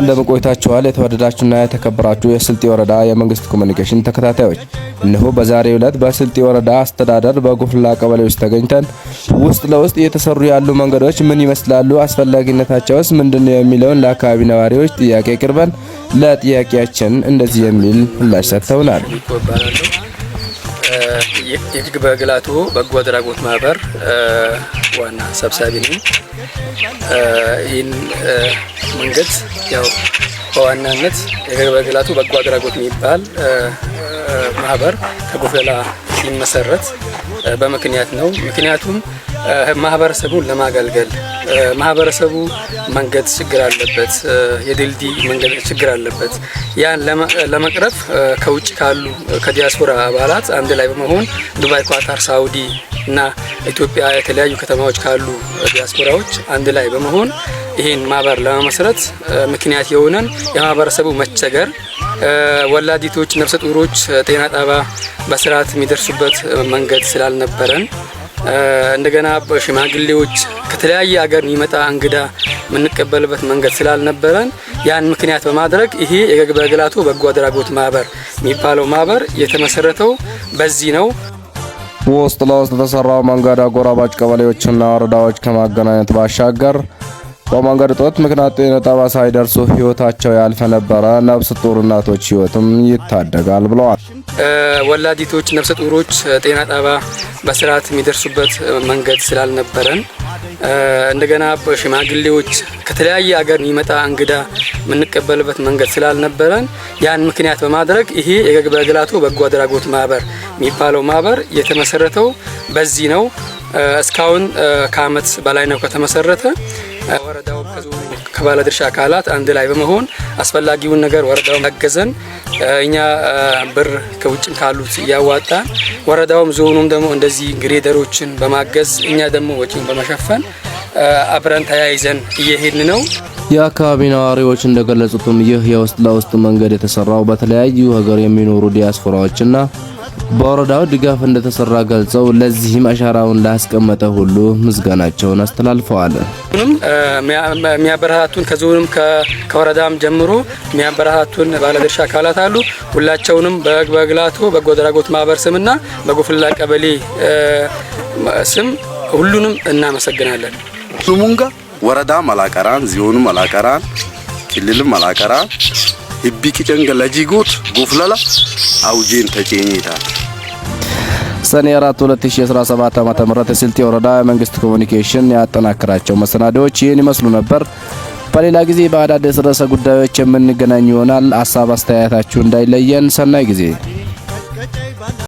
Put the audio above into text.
እንደምን ቆይታችኋል? የተወደዳችሁና የተከበራችሁ የስልጤ ወረዳ የመንግስት ኮሚኒኬሽን ተከታታዮች፣ እነሆ በዛሬው ዕለት በስልጤ ወረዳ አስተዳደር በጎፍላ ቀበሌ ውስጥ ተገኝተን ውስጥ ለውስጥ እየተሰሩ ያሉ መንገዶች ምን ይመስላሉ፣ አስፈላጊነታቸውስ ምንድነው የሚለውን ለአካባቢ ነዋሪዎች ጥያቄ ቅርበን ለጥያቄያችን እንደዚህ የሚል ምላሽ ሰጥተውናል። የጅግበግላቱ በጎ አድራጎት ማህበር ዋና ሰብሳቢ ነኝ። ይህን መንገድ ያው በዋናነት የገበገላቱ በጎ አድራጎት የሚባል ማህበር ከጎፈላ ሲመሰረት በምክንያት ነው። ምክንያቱም ማህበረሰቡን ለማገልገል ማህበረሰቡ መንገድ ችግር አለበት፣ የድልድይ መንገድ ችግር አለበት። ያን ለመቅረፍ ከውጭ ካሉ ከዲያስፖራ አባላት አንድ ላይ በመሆን ዱባይ፣ ኳታር፣ ሳውዲ እና ኢትዮጵያ የተለያዩ ከተማዎች ካሉ ዲያስፖራዎች አንድ ላይ በመሆን ይህን ማህበር ለመመስረት ምክንያት የሆነን የማህበረሰቡ መቸገር ወላዲቶች፣ ነፍሰ ጡሮች ጤና ጣባ በስርዓት የሚደርሱበት መንገድ ስላልነበረን እንደገና በሽማግሌዎች ከተለያየ ሀገር የሚመጣ እንግዳ የምንቀበልበት መንገድ ስላልነበረን ያን ምክንያት በማድረግ ይሄ የገግበግላቱ በጎ አድራጎት ማህበር የሚባለው ማህበር የተመሰረተው በዚህ ነው። ውስጥ ለውስጥ የተሰራው መንገድ አጎራባጭ ቀበሌዎችና ወረዳዎች ከማገናኘት ባሻገር በመንገድ እጦት ምክንያት ጤና ሳይደርሱ ህይወታቸው ያልፈ ነበረ ነፍሰ ጡር እናቶች ህይወትም ይታደጋል ብለዋል። ወላዲቶች፣ ነፍሰ ጡሮች ጤና ጣባ በስርዓት የሚደርሱበት መንገድ ስላልነበረን እንደገና በሽማግሌዎች ከተለያየ ሀገር የሚመጣ እንግዳ የምንቀበልበት መንገድ ስላልነበረን ያን ምክንያት በማድረግ ይሄ የገግበ ግላቱ በጎ አድራጎት ማህበር የሚባለው ማህበር የተመሰረተው በዚህ ነው። እስካሁን ከአመት በላይ ነው ከተመሰረተ። ወረዳው ከባለድርሻ አካላት አንድ ላይ በመሆን አስፈላጊውን ነገር ወረዳው ያገዘን፣ እኛ ብር ከውጭም ካሉት እያዋጣ ወረዳውም ዞኑም ደግሞ እንደዚህ ግሬደሮችን በማገዝ እኛ ደግሞ ወጪን በመሸፈን አብረን ተያይዘን እየሄድን ነው። የአካባቢ ነዋሪዎች እንደገለጹትም ይህ የውስጥ ለውስጥ መንገድ የተሰራው በተለያዩ ሀገር የሚኖሩ ዲያስፖራዎችና በወረዳው ድጋፍ እንደተሰራ ገልጸው ለዚህም አሻራውን ላስቀመጠ ሁሉ ምስጋናቸውን አስተላልፈዋል። ምንም የሚያበረታቱን ከዞንም ከወረዳም ጀምሮ የሚያበረታቱን ባለድርሻ አካላት አሉ። ሁላቸውንም በግላቱ በጎ አድራጎት ማህበር ስምና በጎፍላ ቀበሌ ስም ሁሉንም እናመሰግናለን። ሉሙንጋ ወረዳ አላቀራን ዚዮኑ አላቀራን ክልል አላቀራን ህቢ ቂጨንገ ለጂጉት ጎፍለላ አውጄን ተጨኝታ ሰኔ 4 2017 ዓ.ም ተመረተ ወረዳ የመንግስት ኮሙኒኬሽን ያጠናከራቸው መሰናዶዎች ይህን ይመስሉ ነበር። በሌላ ጊዜ በአዳዲስ ርዕሰ ጉዳዮች የምንገናኝ ይሆናል። ሀሳብ አስተያየታችሁ እንዳይለየን። ሰናይ ጊዜ